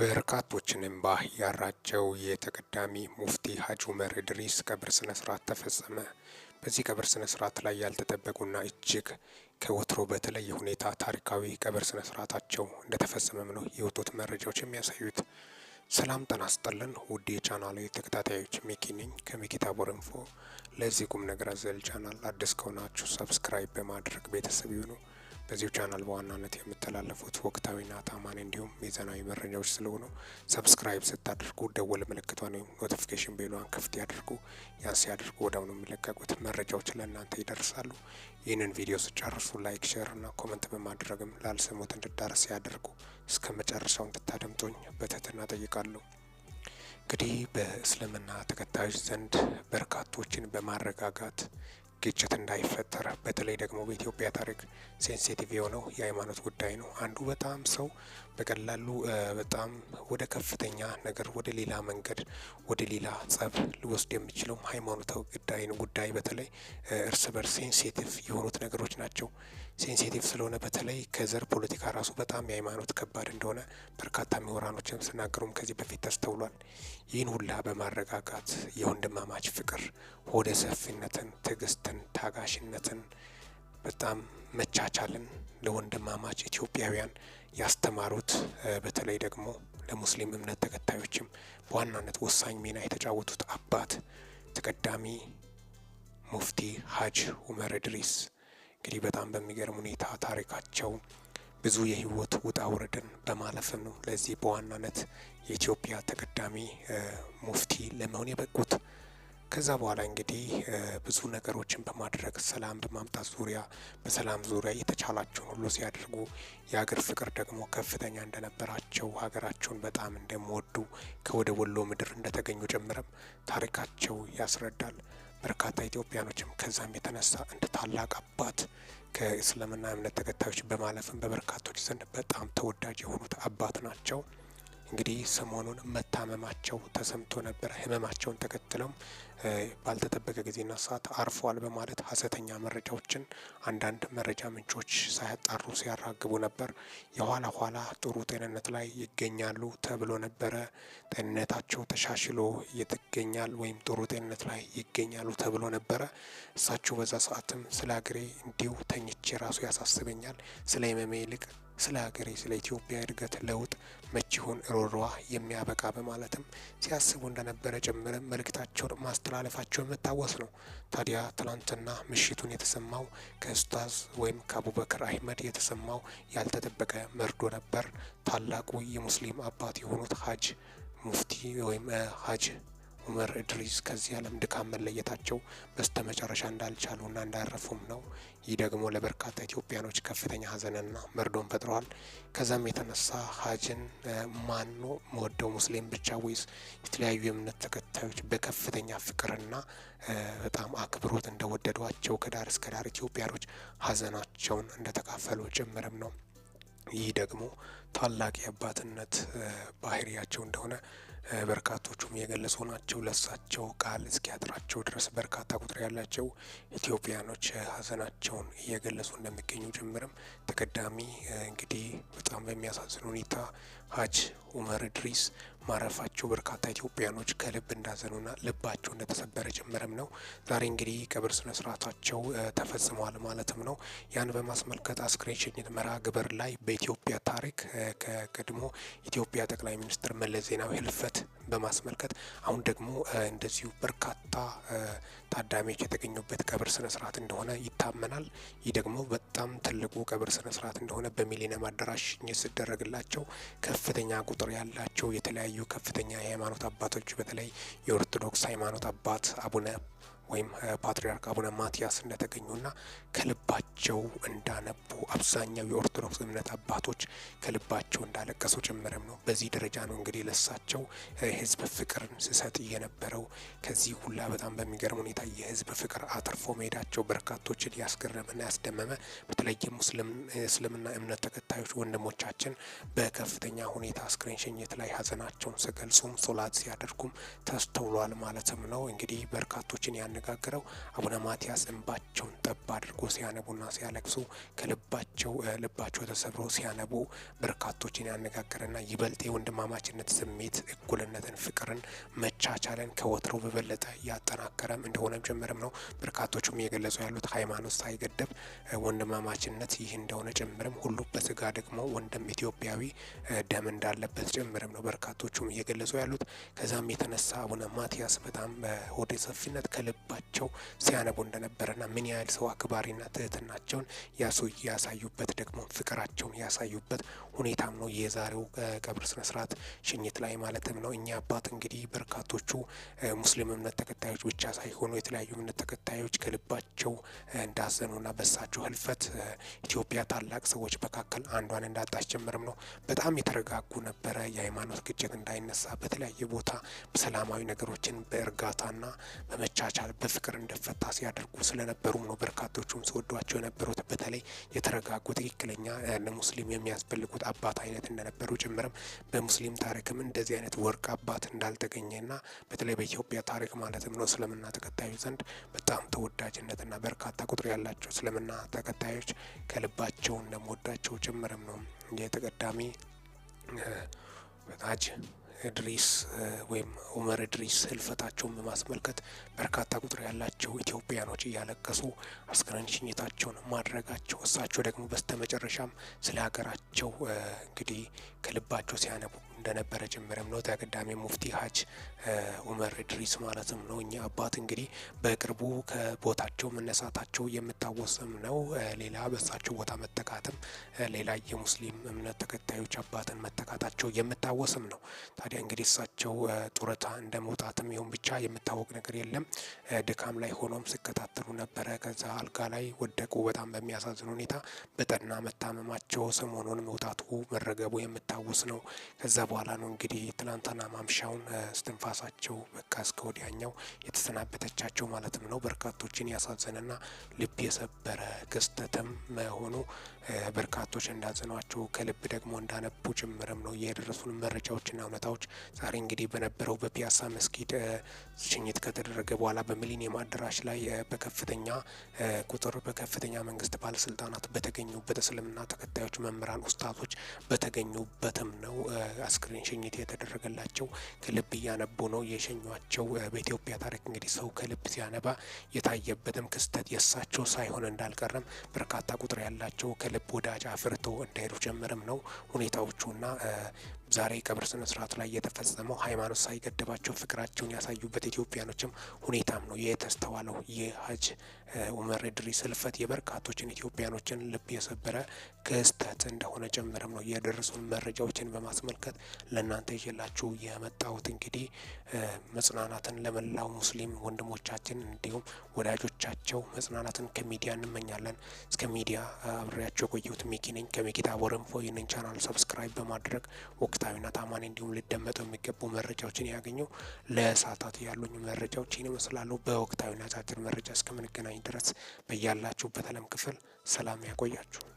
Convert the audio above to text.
በርካቶችን እንባ ያራጨው የተቀዳሚ ሙፍቲ ሀጅ ዑመር እድሪስ ቀብር ስነ ስርዓት ተፈጸመ። በዚህ ቀብር ስነ ስርዓት ላይ ያልተጠበቁና እጅግ ከወትሮ በተለየ ሁኔታ ታሪካዊ ቀብር ስነ ስርዓታቸው እንደተፈጸመም ነው የወጡት መረጃዎች የሚያሳዩት። ሰላም ጤና ይስጥልን ውድ የቻናሉ ተከታታዮች፣ ሚኪ ነኝ ከሚኪ ታቦር ኢንፎ። ለዚህ ቁም ነገር አዘል ቻናል አዲስ ከሆናችሁ ሰብስክራይብ በማድረግ ቤተሰብ ይሁኑ። በዚሁ ቻናል በዋናነት የምተላለፉት ወቅታዊና ታማኒ እንዲሁም ሚዛናዊ መረጃዎች ስለሆኑ ሰብስክራይብ ስታደርጉ ደወል ምልክቷን ወይም ኖቲፊኬሽን ቤሏን ክፍት ያድርጉ። ያን ሲያደርጉ ወደአሁኑ የሚለቀቁት መረጃዎች ለእናንተ ይደርሳሉ። ይህንን ቪዲዮ ስጨርሱ ላይክ፣ ሼር እና ኮመንት በማድረግም ላልሰሙት እንድዳረስ ያደርጉ። እስከ መጨረሻው እንድታደምጡኝ በትህትና ጠይቃለሁ። እንግዲህ በእስልምና ተከታዮች ዘንድ በርካቶችን በማረጋጋት ግጭት እንዳይፈጠር በተለይ ደግሞ በኢትዮጵያ ታሪክ ሴንሲቲቭ የሆነው የሃይማኖት ጉዳይ ነው። አንዱ በጣም ሰው በቀላሉ በጣም ወደ ከፍተኛ ነገር ወደ ሌላ መንገድ ወደ ሌላ ጸብ ሊወስድ የሚችለውም ሃይማኖታዊ ጉዳይን ጉዳይ በተለይ እርስ በርስ ሴንሴቲቭ የሆኑት ነገሮች ናቸው። ሴንሴቲቭ ስለሆነ በተለይ ከዘር ፖለቲካ ራሱ በጣም የሃይማኖት ከባድ እንደሆነ በርካታ ምሁራኖችም ስናገሩም ከዚህ በፊት ተስተውሏል። ይህን ሁላ በማረጋጋት የወንድማማች ፍቅር፣ ሆደ ሰፊነትን፣ ትዕግስትን፣ ታጋሽነትን በጣም መቻቻልን ለወንድማማች ኢትዮጵያውያን ያስተማሩት በተለይ ደግሞ ለሙስሊም እምነት ተከታዮችም በዋናነት ወሳኝ ሚና የተጫወቱት አባት ተቀዳሚ ሙፍቲ ሀጅ ኡመር እድሪስ እንግዲህ በጣም በሚገርም ሁኔታ ታሪካቸው ብዙ የህይወት ውጣ ውረድን በማለፍም ነው ለዚህ በዋናነት የኢትዮጵያ ተቀዳሚ ሙፍቲ ለመሆን የበቁት። ከዛ በኋላ እንግዲህ ብዙ ነገሮችን በማድረግ ሰላም በማምጣት ዙሪያ በሰላም ዙሪያ የተቻላቸውን ሁሉ ሲያደርጉ የሀገር ፍቅር ደግሞ ከፍተኛ እንደነበራቸው ሀገራቸውን በጣም እንደሚወዱ ከወደ ወሎ ምድር እንደተገኙ ጭምርም ታሪካቸው ያስረዳል። በርካታ ኢትዮጵያኖችም ከዛም የተነሳ እንደ ታላቅ አባት ከእስልምና እምነት ተከታዮች በማለፍም በበርካቶች ዘንድ በጣም ተወዳጅ የሆኑት አባት ናቸው። እንግዲህ ሰሞኑን መታመማቸው ተሰምቶ ነበር። ህመማቸውን ተከትለው ባልተጠበቀ ጊዜና ሰዓት አርፈዋል በማለት ሀሰተኛ መረጃዎችን አንዳንድ መረጃ ምንጮች ሳያጣሩ ሲያራግቡ ነበር። የኋላ ኋላ ጥሩ ጤንነት ላይ ይገኛሉ ተብሎ ነበረ። ጤንነታቸው ተሻሽሎ ይገኛል ወይም ጥሩ ጤንነት ላይ ይገኛሉ ተብሎ ነበረ። እሳቸው በዛ ሰዓትም ስለ ሀገሬ እንዲሁ ተኝቼ ራሱ ያሳስበኛል ስለ ህመሜ ይልቅ ስለ ሀገሬ ስለ ኢትዮጵያ እድገት ለውጥ መች ይሆን የሚያበቃ በማለትም ሲያስቡ እንደነበረ ጭምር መልእክታቸውን ማስተላለፋቸው የምታወስ ነው። ታዲያ ትላንትና ምሽቱን የተሰማው ከኡስታዝ ወይም ከአቡበክር አህመድ የተሰማው ያልተጠበቀ መርዶ ነበር። ታላቁ የሙስሊም አባት የሆኑት ሀጅ ሙፍቲ ወይም ሀጅ ኡመር እድሪስ ከዚህ ዓለም ድካም መለየታቸው በስተመጨረሻ እንዳልቻሉና እንዳረፉም ነው። ይህ ደግሞ ለበርካታ ኢትዮጵያኖች ከፍተኛ ሀዘንና መርዶን ፈጥረዋል። ከዛም የተነሳ ሀጅን ማኖ መወደው ሙስሊም ብቻ ወይስ የተለያዩ የእምነት ተከታዮች በከፍተኛ ፍቅርና በጣም አክብሮት እንደወደዷቸው ከዳር እስከ ዳር ኢትዮጵያኖች ሀዘናቸውን እንደተካፈሉ ጭምርም ነው። ይህ ደግሞ ታላቅ የአባትነት ባህሪያቸው እንደሆነ በርካቶቹም የገለጹ ናቸው። ለሳቸው ቃል እስኪያጥራቸው ድረስ በርካታ ቁጥር ያላቸው ኢትዮጵያኖች ሀዘናቸውን እየገለጹ እንደሚገኙ ጭምርም ተቀዳሚ እንግዲህ በጣም በሚያሳዝን ሁኔታ ሀጅ ኡመር ኢድሪስ ማረፋቸው በርካታ ኢትዮጵያኖች ከልብ እንዳዘኑና ልባቸው እንደተሰበረ ጭምርም ነው። ዛሬ እንግዲህ ቀብር ስነ ስርዓታቸው ተፈጽመዋል ማለትም ነው። ያን በማስመልከት አስክሬን ሽኝት መርሃ ግብር ላይ በኢትዮጵያ ታሪክ ከቀድሞ ኢትዮጵያ ጠቅላይ ሚኒስትር መለስ ዜናዊ ህልፈት በማስመልከት አሁን ደግሞ እንደዚሁ በርካታ ታዳሚዎች የተገኙበት ቀብር ስነ ስርዓት እንደሆነ ይታመናል። ይህ ደግሞ በጣም ትልቁ ቀብር ስነ ስርዓት እንደሆነ በሚሊኒየም አዳራሽ ሲደረግላቸው ከፍተኛ ቁጥር ያላቸው የተለያዩ ከፍተኛ የሃይማኖት አባቶች በተለይ የኦርቶዶክስ ሃይማኖት አባት አቡነ ወይም ፓትሪያርክ አቡነ ማትያስ እንደተገኙና ከልባቸው እንዳነቡ አብዛኛው የኦርቶዶክስ እምነት አባቶች ከልባቸው እንዳለቀሱ ጭምርም ነው። በዚህ ደረጃ ነው እንግዲህ ለሳቸው ህዝብ ፍቅርን ስሰጥ እየነበረው ከዚህ ሁላ በጣም በሚገርም ሁኔታ የህዝብ ፍቅር አትርፎ መሄዳቸው በርካቶችን ያስገረመና ያስደመመ፣ በተለይም እስልምና እምነት ተከታዮች ወንድሞቻችን በከፍተኛ ሁኔታ አስክሬን ሽኝት ላይ ሀዘናቸውን ሲገልጹም ሶላት ሲያደርጉም ተስተውሏል ማለትም ነው እንግዲህ በርካቶችን ያን የሚያነጋግረው አቡነ ማቲያስ እንባቸውን ጠብ አድርጎ ሲያነቡና ሲያለቅሱ ከልባቸው ልባቸው ተሰብሮ ሲያነቡ በርካቶችን ያነጋገረና ይበልጥ የወንድማማችነት ስሜት እኩልነትን፣ ፍቅርን፣ መቻቻለን ከወትሮ በበለጠ ያጠናከረም እንደሆነም ጭምርም ነው በርካቶቹም እየገለጹ ያሉት ሃይማኖት ሳይገደብ ወንድማማችነት ይህ እንደሆነ ጭምርም ሁሉ በስጋ ደግሞ ወንድም ኢትዮጵያዊ ደም እንዳለበት ጭምርም ነው በርካቶቹም እየገለጹ ያሉት ከዛም የተነሳ አቡነ ማቲያስ በጣም በሆደ ሰፊነት ከልብ እየገባቸው ሲያነቡ እንደነበረና ምን ያህል ሰው አክባሪና ትህትናቸውን ያሳዩበት ደግሞ ፍቅራቸውን ያሳዩበት ሁኔታም ነው የዛሬው ቀብር ስነስርዓት ሽኝት ላይ ማለትም ነው። እኛ አባት እንግዲህ በርካቶቹ ሙስሊም እምነት ተከታዮች ብቻ ሳይሆኑ የተለያዩ እምነት ተከታዮች ከልባቸው እንዳዘኑና በሳቸው ህልፈት ኢትዮጵያ ታላቅ ሰዎች መካከል አንዷን እንዳታስጀምርም ነው። በጣም የተረጋጉ ነበረ። የሃይማኖት ግጭት እንዳይነሳ በተለያየ ቦታ በሰላማዊ ነገሮችን በእርጋታና በመቻቻል በፍቅር እንደፈታ ሲያደርጉ ስለነበሩም ነው በርካቶቹም ሲወዷቸው የነበሩት በተለይ የተረጋጉ ትክክለኛ ለሙስሊም የሚያስፈልጉት አባት አይነት እንደነበሩ ጭምርም በሙስሊም ታሪክም እንደዚህ አይነት ወርቅ አባት እንዳልተገኘና በተለይ በኢትዮጵያ ታሪክ ማለትም ነው እስልምና ተከታዮች ዘንድ በጣም ተወዳጅነትና በርካታ ቁጥር ያላቸው እስልምና ተከታዮች ከልባቸው እንደመወዳቸው ጭምርም ነው የተቀዳሚ ሀጅ እድሪስ ወይም ኡመር እድሪስ ህልፈታቸውን በማስመልከት በርካታ ቁጥር ያላቸው ኢትዮጵያኖች እያለቀሱ አስክሬን ሽኝታቸውን ማድረጋቸው እሳቸው ደግሞ በስተመጨረሻም ስለ ሀገራቸው እንግዲህ ከልባቸው ሲያነቡ እንደነበረ ጭምርም ነው። ተቀዳሚ ሙፍቲ ሀጅ ኡመር እድሪስ ማለትም ነው እኛ አባት እንግዲህ በቅርቡ ከቦታቸው መነሳታቸው የምታወስም ነው። ሌላ በሳቸው ቦታ መተካትም ሌላ የሙስሊም እምነት ተከታዮች አባትን መተካታቸው የምታወስም ነው። ታዲያ እንግዲህ እሳቸው ጡረታ እንደ መውጣትም ይሁን ብቻ የምታወቅ ነገር የለም። ድካም ላይ ሆኖም ሲከታተሉ ነበረ። ከዛ አልጋ ላይ ወደቁ። በጣም በሚያሳዝን ሁኔታ በጠና መታመማቸው ሰሞኑን መውጣቱ መረገቡ የምታወስ ነው። ከዛ በኋላ ነው እንግዲህ ትናንትና ማምሻውን እስትንፋሳቸው በቃ እስከ ወዲያኛው የተሰናበተቻቸው ማለትም ነው። በርካቶችን ያሳዘነና ልብ የሰበረ ክስተትም መሆኑ በርካቶች እንዳዘኗቸው ከልብ ደግሞ እንዳነቡ ጭምርም ነው የደረሱን መረጃዎችና እውነታዎች። ዛሬ እንግዲህ በነበረው በፒያሳ መስጊድ ሽኝት ከተደረገ በኋላ በሚሊኒየም አዳራሽ ላይ በከፍተኛ ቁጥር በከፍተኛ መንግስት ባለስልጣናት በተገኙበት እስልምና ተከታዮች መምህራን፣ ኡስታዞች በተገኙበትም ነው አስክሬን ሽኝት የተደረገላቸው ከልብ እያነቡ ነው የሸኟቸው። በኢትዮጵያ ታሪክ እንግዲህ ሰው ከልብ ሲያነባ የታየበትም ክስተት የእሳቸው ሳይሆን እንዳልቀረም በርካታ ቁጥር ያላቸው ከልብ ወዳጅ አፍርቶ እንዳሄዱ ጀምርም ነው ሁኔታዎቹና ዛሬ ቀብር ስነ ስርዓት ላይ የተፈጸመው ሃይማኖት ሳይገድባቸው ፍቅራቸውን ያሳዩበት ኢትዮጵያኖችም ሁኔታም ነው የተስተዋለው። የሀጅ ኡመር ኢድሪስ ህልፈት የበርካቶችን ኢትዮጵያኖችን ልብ የሰበረ ክስተት እንደሆነ ጭምርም ነው የደረሱን መረጃዎችን በማስመልከት ለእናንተ ይዤላችሁ የመጣሁት እንግዲህ መጽናናትን ለመላው ሙስሊም ወንድሞቻችን እንዲሁም ወዳጆቻቸው መጽናናትን ከሚዲያ እንመኛለን። እስከ ሚዲያ አብሬያቸው ቆየሁት። ሚኪ ነኝ ከሚኪታ ቦረንፎ። ይህንን ቻናል ሰብስክራይብ በማድረግ ወቅታዊና ታማኒ እንዲሁም ልደመጠው የሚገቡ መረጃዎችን ያገኙ። ለሰዓታት ያሉኝ መረጃዎች ይህን ይመስላሉ። በወቅታዊና አጫጭር መረጃ እስከምንገናኝ ድረስ በያላችሁበት ዓለም ክፍል ሰላም ያቆያችሁ።